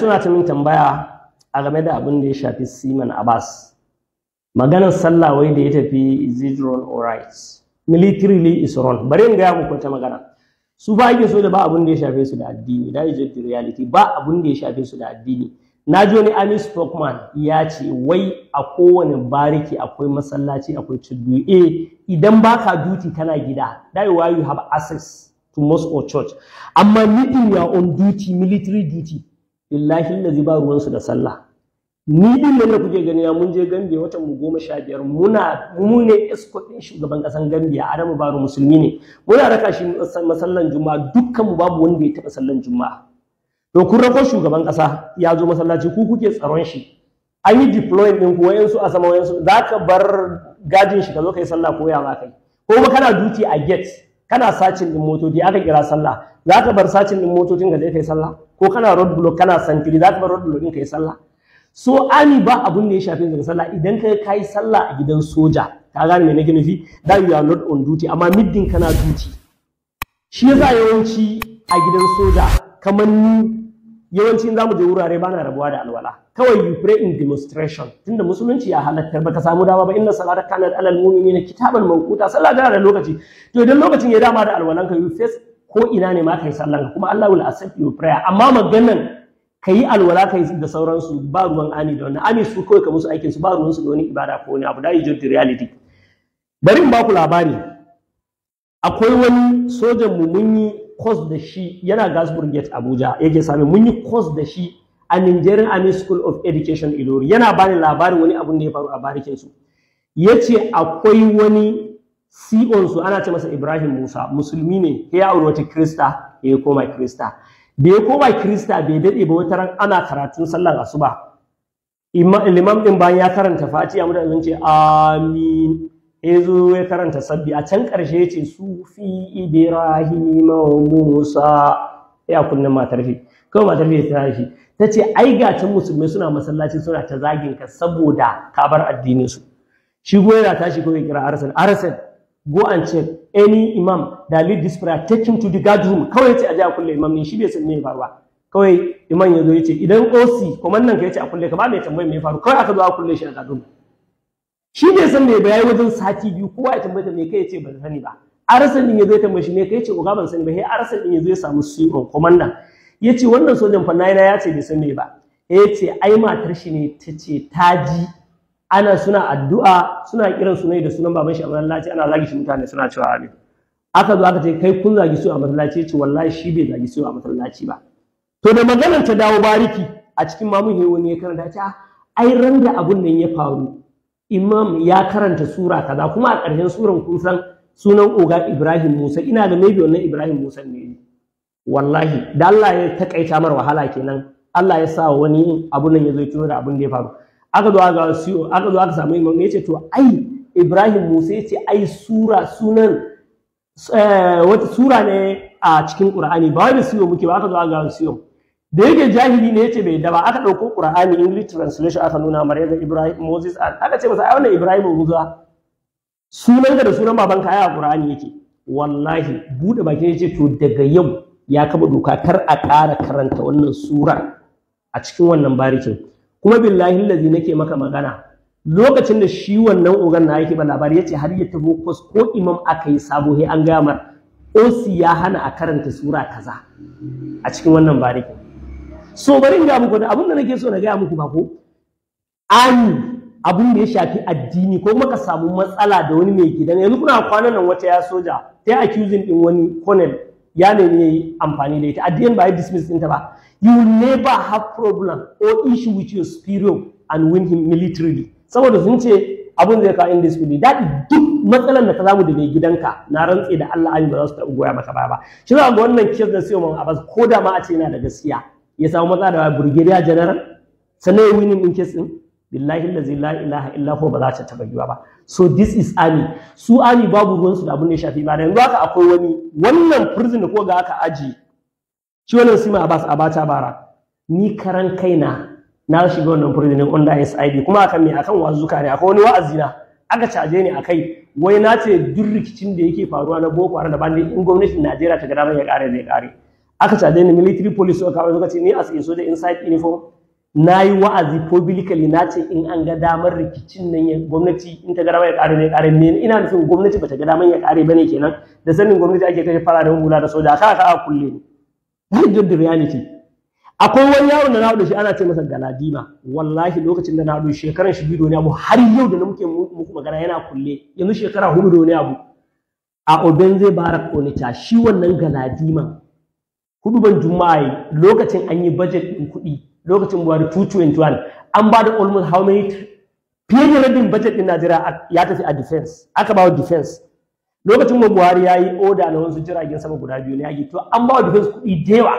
suna ta min tambaya a game da abin da ya shafi Siman Abbas. Maganar sallawai da ya tafi is it wrong or right? Militarily is wrong. Bari in gaya muku ta magana. Su ba yake so da ba abin da ya shafe su da addini. That is the reality. Ba abin da ya shafe su da addini. Na ji wani Ami Spokman ya ce wai a kowane bariki akwai masallaci akwai tuddu. E, idan baka duty kana gida. That is why you have access to mosque or church. Amma in your own duty, military duty. billahi lazi ba ruwansu da sallah ni din da kuke gani mun je Gambia watan mu goma sha biyar muna mu ne escort din shugaban kasan Gambia Adamu Baro musulmi ne muna raka shi masallan juma'a dukkan mu babu wanda ya taba sallan juma'a to kun rako shugaban kasa ya zo masallaci ku kuke tsaron shi an yi deployment din ku wayansu a sama wayansu zaka bar gadin shi ka zo kai sallah ko ya ma kai ko kana duty a gate kana sacin din motoci aka kira sallah za ka bar sacin din motocin ka je kai sallah ko kana road block kana santiri za ka bar road block din kai sallah so ami ba abun da ya shafi daga sallah idan ka kai sallah a gidan soja ka gane me nake nufi that you are not on duty amma middin kana duty shi yasa yawanci a gidan soja kamar ni yawanci za mu je wurare bana rabuwa da alwala kawai you pray in demonstration tunda musulunci ya halatta baka samu dama ba inna salata kanat alal mu'minina kitaban mawquta sallah tana da lokaci to idan lokacin ya dama da alwalan ka you face ko ina ne ma kai sallan kuma Allah will accept your prayer amma maganan ka alwala ka yi da sauransu ba ruwan ani da wannan ani su kawai ka musu aikin su ba ruwan su da wani ibada ko wani abu da you the reality bari in ba ku labari akwai wani sojan mu mun yi course da shi yana Gasburg Gate Abuja yake sami mun yi course da shi a Nigerian Army School of Education Ilori yana bani labarin wani abun da ya faru a barikin su yace akwai wani CEO su ana ce masa Ibrahim Musa musulmi ne ya aure wata Krista ya koma Krista da ya koma Krista bai dade ba wata ran ana karatun sallar asuba limam din bayan ya karanta Fatiha mutane sun ce amin ya zo ya karanta sabbi a can ƙarshe ya ce sufi ibrahim musa ya kunna matar fi kawai matar fi ta shi. ta ce ai ga can musulmai suna masallaci suna ta zagin ka saboda ka bar addinin su shi go yana tashi ko ya kira arsan arsan go an ce any imam that lead this prayer take him to the guard room kawai ya ce a ja a kulle imam ne shi bai san me ya faru ba kawai imam ya zo ya ce idan osi komandan ka ya ce a kulle ka ba mai tambayar me ya faru kawai aka zo a kulle shi a guard room shi bai san me bayani wajen sati biyu kowa ya tambaye me kai yace ban sani ba arsan din yazo ya tambaye shi me kai yace uga ban sani ba sai arsan din yazo ya samu CEO komanda yace wannan sojan fa nayi na yace bai san me ba yace ai matar shi ne tace ta ji ana suna addu'a suna kiran sunai da sunan baban shi a masallaci ana zagi shi mutane suna cewa amin aka zo aka ce kai kun zagi su a masallaci yace wallahi shi bai zagi su a masallaci ba to da maganar ta dawo bariki a cikin mamun wani ya karanta ta ah, ai ran da abun nan ya faru imam ya karanta sura kaza kuma a ƙarshen suran kun san sunan oga Ibrahim Musa ina da maybe wannan Ibrahim Musa ne wallahi da Allah ya takaita mar wahala kenan Allah ya sa wani abu nan ya zo tuno da abun da ya faru aka zo aka siyo aka zo aka samu imam yace to ai Ibrahim Musa yace ai sura sunan eh, wata sura ne a cikin Qur'ani ba wai da siyo muke ba aka zo aka ga da yake jahili ne yace bai daba. ba aka ɗauko Qur'ani English translation aka nuna mara yaga Ibrahim Moses aka ce masa ai wannan Ibrahim Musa sunan da sunan baban kaya a Qur'ani yake wallahi bude baki yace to daga yau ya kaba doka kar a kara karanta wannan surar a cikin wannan barikin kuma billahi allazi nake maka magana lokacin da shi wannan ogan na yake ba labari yace har ya tabo kos ko imam aka yi sabo an mar osi ya hana a karanta sura kaza a cikin wannan barikin so bari ga muku da abin da nake so na gaya muku ba ko ani abin da ya shafi addini ko kuma ka samu matsala da wani mai gidan yanzu kuna kwanan nan wata ya soja ta accusing din wani colonel ya ne yayi amfani da ita addini ba ya dismiss ta ba you will never have problem or issue with your superior and win him militarily saboda sun ce abin zai kawo ne, daɗi duk matsalar da ka zamu da mai gidanka na rantse da Allah ayi ba za su taɓa goya maka baya ba shi za ga wannan kes da siyo man abas ko da ma a ce yana da gaskiya ya samu maza da brigadier general sannan ya winning in case din billahi allazi la ilaha illa huwa ba za ta taba yiwa ba so this is army su army babu ruwan su da abin da shafi ba da yanzu haka akwai wani wannan prison ko ga aka aji shi wannan sima abbas abata bara ni karan kaina na shiga wannan prison din under SID kuma akan me akan wazuka ne akwai wani wa'azi na aka caje ni akai wai na ce duk rikicin da yake faruwa na boko haram da bandi in gwamnatin Najeriya ta ga ya kare zai kare aka caje ni military police suka kawo lokaci ni as a soldier inside uniform na yi wa'azi publicly na ce in an ga damar rikicin nan ya gwamnati in ta ga damar ya kare ne kare ne ina nufin gwamnati bata ga damar ya kare bane kenan da sanin gwamnati ake kashe fararen hula da soja aka aka kulle ne da just the reality akwai wani yaro da na hudu shi ana ce masa galadima wallahi lokacin da na hudu shekaran shi biyu abu har yau da muke muku magana yana kulle yanzu shekara hudu da wani abu a obenze barak onita shi wannan galadima huduban juma'a lokacin an yi budget ɗin kuɗi lokacin buhari 221 an ba da almost how many fiye da rabin budget ɗin najeriya ya tafi a defense aka ba wa defense lokacin mu buhari ya yi oda na wasu jiragen sama guda biyu ne ake to an ba wa defense kuɗi da yawa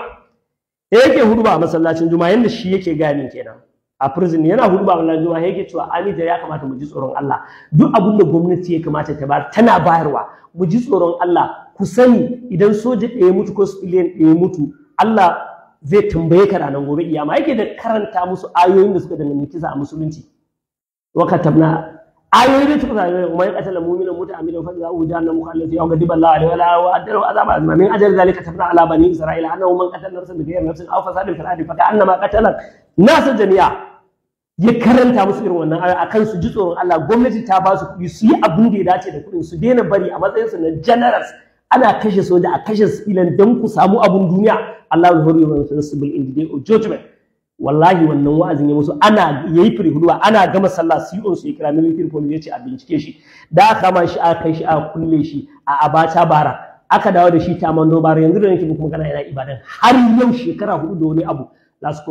yake hudu ba a masallacin juma'a yadda shi yake min kenan a prison yana hudu ba wannan juma'a yake cewa da ya kamata mu ji tsoron Allah duk abin da gwamnati ya kamata ta bar tana bayarwa mu ji tsoron Allah ku sani idan soja ɗaya mutu ko civilian ɗaya mutu Allah zai tambaye ka ranar gobe iyama yake da karanta musu ayoyin da suka danganci kisa a musulunci wa tabna ayoyin da suka zai kuma ya katala mu'minan muta amilan fa za u jahanna mukhallati yawma diba Allah alaihi wa wa adara azab azma min ajal zalika tabna ala bani isra'ila annahu man qatala nafsan bi ghayri nafsin aw fasadin fil ardi na ka'annama qatala nasa jami'a ya karanta musu irin wannan a kan su ji tsoron Allah gwamnati ta ba su kuɗi su yi abin da ya dace da kuɗin su daina bari a matsayin su na generous ana kashe soja a kashe su ilan don ku samu abun duniya Allah ya hori wa responsible in the day of wallahi wannan wa'azin ya musu ana yayi firhuwa ana gama sallah su yi e su ya kira military police ya ce a bincike shi da kama shi a kai shi a kulle shi a abata bara aka dawo da shi ta mando bara yanzu da nake muku magana yana ibadan har yau shekara hudu da wani abu last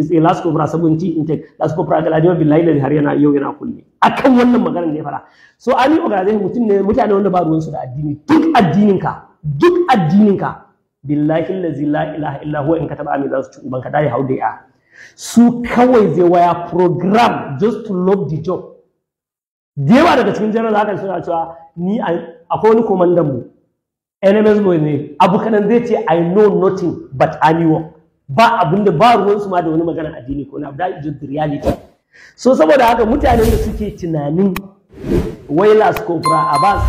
is a last cobra 70 intake last cobra galadima billahi da har yana yau yana kulle akan wannan maganar da ya fara so ani organization mutum ne mutane wanda ba su da addini duk addinin ka duk addinin ka billahi allazi la ilaha illa huwa in ka taba amin za su ci ubanka dai how they are su kawai zai waya program just to love the job da yawa daga cikin jiran haka suna cewa ni akwai wani komandan mu NMS boy ne abu kanan zai ce I know nothing but any work ba abinda da ba ruwansu ma da wani magana addini ko na abu da just the reality so saboda haka mutanen da suke tunanin wailas ko fura abbas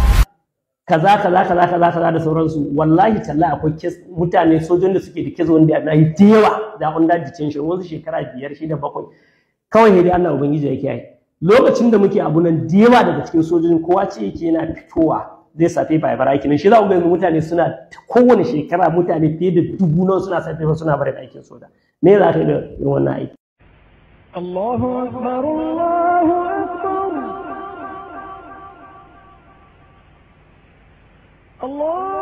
kaza kaza kaza kaza kaza da sauransu wallahi talla akwai kes mutane sojojin da suke da kes wanda na yi da yawa da detention wasu shekara biyar shida bakwai kawai dai Allah ubangiji yake yi lokacin da muke abu nan da yawa daga cikin sojojin kowa ce yake yana fitowa zai safe bara aikin shi za ku ga yanzu mutane suna kowane shekara mutane fiye da dubu nan suna safe ba suna barin aikin soja me za ka yi da wannan aiki Allahu akbar Allahu akbar Allah